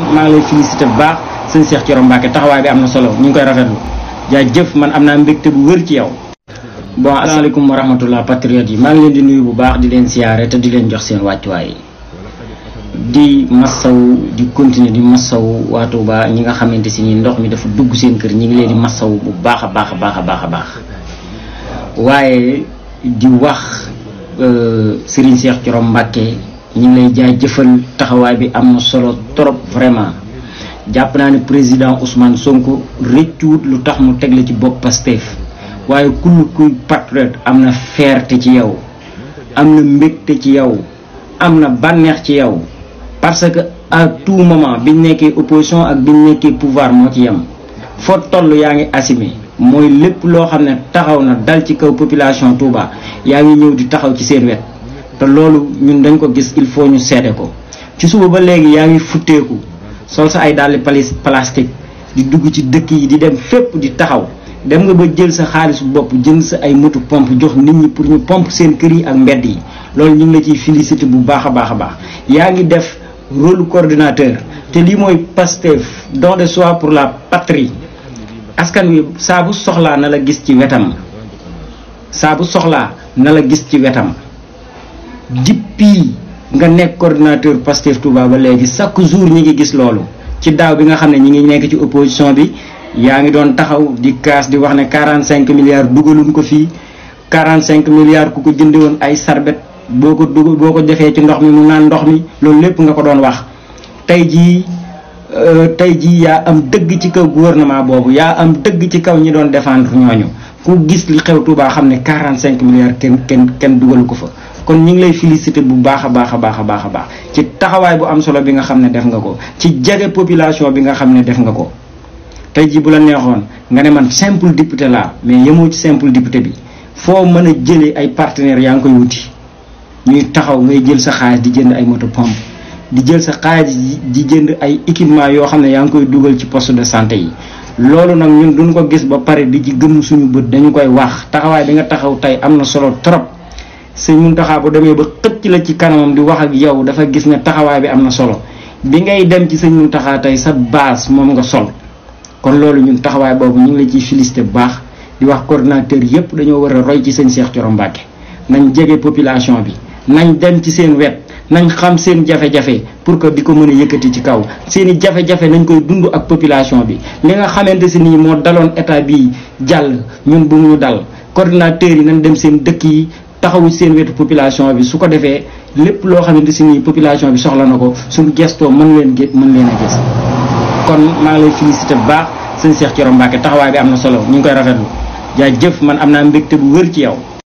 maa ngi lay félicité bu baax sëñ Cheikh Thioro Mbacke taxawaay bi am na solo ñu ngi koy rafetlu jaajëf man am naa mbégte bu wër ci yow. bon asalaamaaleykum wa rahmatullah patriote yi maa ngi leen di nuyu bu baax di leen siyaare te di leen jox seen wàccuwaay di massaw di continuer di massaw waa baax ñi nga xamante si ni ndox mi dafa dugg seen kër ñi ngi leen di massaw bu baax a baax a baax a baax waaye di wax euh, Serigne Cheikh Thioro Mbacke. ñu ngi lay jaajëfal taxawaay bi am na solo trop vraiment jàpp naa ne président Ousmane Sonko rëccuwut lu tax mu teg la ci bopp Pastef waaye kull kuy patriote am na fierté ci yow am na mbégte ci yow am na bànneex ci yow parce que à tout moment biñ nekkee opposition ak biñ nekkee pouvoir moo ci yam foot toll yaa ngi assumé mooy lépp loo xam ne taxaw na dal ci kaw population Touba yaa ngi ñëw di taxaw ci seen wet te loolu ñun dañ ko gis il faut ñu seete ko ci suba ba léegi yaa ngi futteeku sol sa ay dàlli palis plastique di dugg ci dëkk yi di dem fépp di taxaw dem nga ba jël sa xaalis bopp jënd sa ay motu pompe jox nit ñi pour ñu pomp seen kër yi ak mbedd yi loolu ñu ngi la ciy félicité bu baax a baax a baax yaa ngi def rôle coordinateur te lii mooy Pastef don de soi pour la patrie askan wi saa bu soxlaa na la gis ci wetam saa bu soxlaa na la gis ci wetam depuis nga nekk coordinateur Pastef Touba ba léegi chaque jour ñi ngi gis loolu ci daaw bi nga xam ne ñi ngi nekk ci opposition bi yaa ngi doon taxaw di kaas di wax ne 45 milliards dugaluñ ko fii 45 milliards ku ko jënde woon ay sarbet boo ko dug boo ko defee ci ndox mi mu naan ndox mi loolu lépp nga ko doon wax tey jii euh, tey jii yaa am dëgg ci kaw gouvernement boobu yaa am dëgg ci kaw ñi doon défendre ñooñu ku gis li xew Touba xam ne 45 milliards kenn kenn kenn dugalu ko fa kon ñu ngi lay féliciter bu baax a baax a baax a baax a baax ci taxawaay bu am solo bi nga xam ne def nga ko ci jege population bi nga xam ne def nga ko tey jii bu la neexoon nga ne man simple député laa mais yemoo ci simple député bi foo mën a jële ay partenaires yaa ngi koy wuti ñuy taxaw ngay jël sa xaalis di jënd ay moto pompe di jël sa xaalis di jënd ay équipement yoo xam ne yaa ngi koy dugal ci post de santé yi loolu nag ñun duñu ko gis ba pare di ci gëm suñu bët dañu koy wax taxawaay bi nga taxaw tey am na solo trop sëñ Muntaxa bu demé ba xëcc la ci kanamam di wax ak yow dafa gis né taxaway bi amna solo bi ngay dem ci sëñ Muntaxa tay sa base mom nga sol kon lolu ñun taxaway bobu ñu ngi la ciy félicité di wax coordinateur yépp dañu wara roy ci sëñ Cheikh Thioro Mbacké nañ jege population bi nañ dem ci seen wet nañ xam seen jafe-jafe pour que diko mëna yëkëti ci kaw jafe-jafe nañ koy dund ak population bi li nga xamante si nii état bi jall ñun bu dal coordinateur yi nañ dem seen dëkk yi taxawu seen wetu population bi su ko defee lépp loo xam xamante si nii population bi soxla na ko su gestoo mën leen gé mën leen a gis kon maa ngi lay félicité bu baax sëñ Cheikh Thioro Mbacke taxawaay bi am na solo ñu ngi koy rafet lu rafetlu jaajëf man am naa mbégte bu wër ci yow.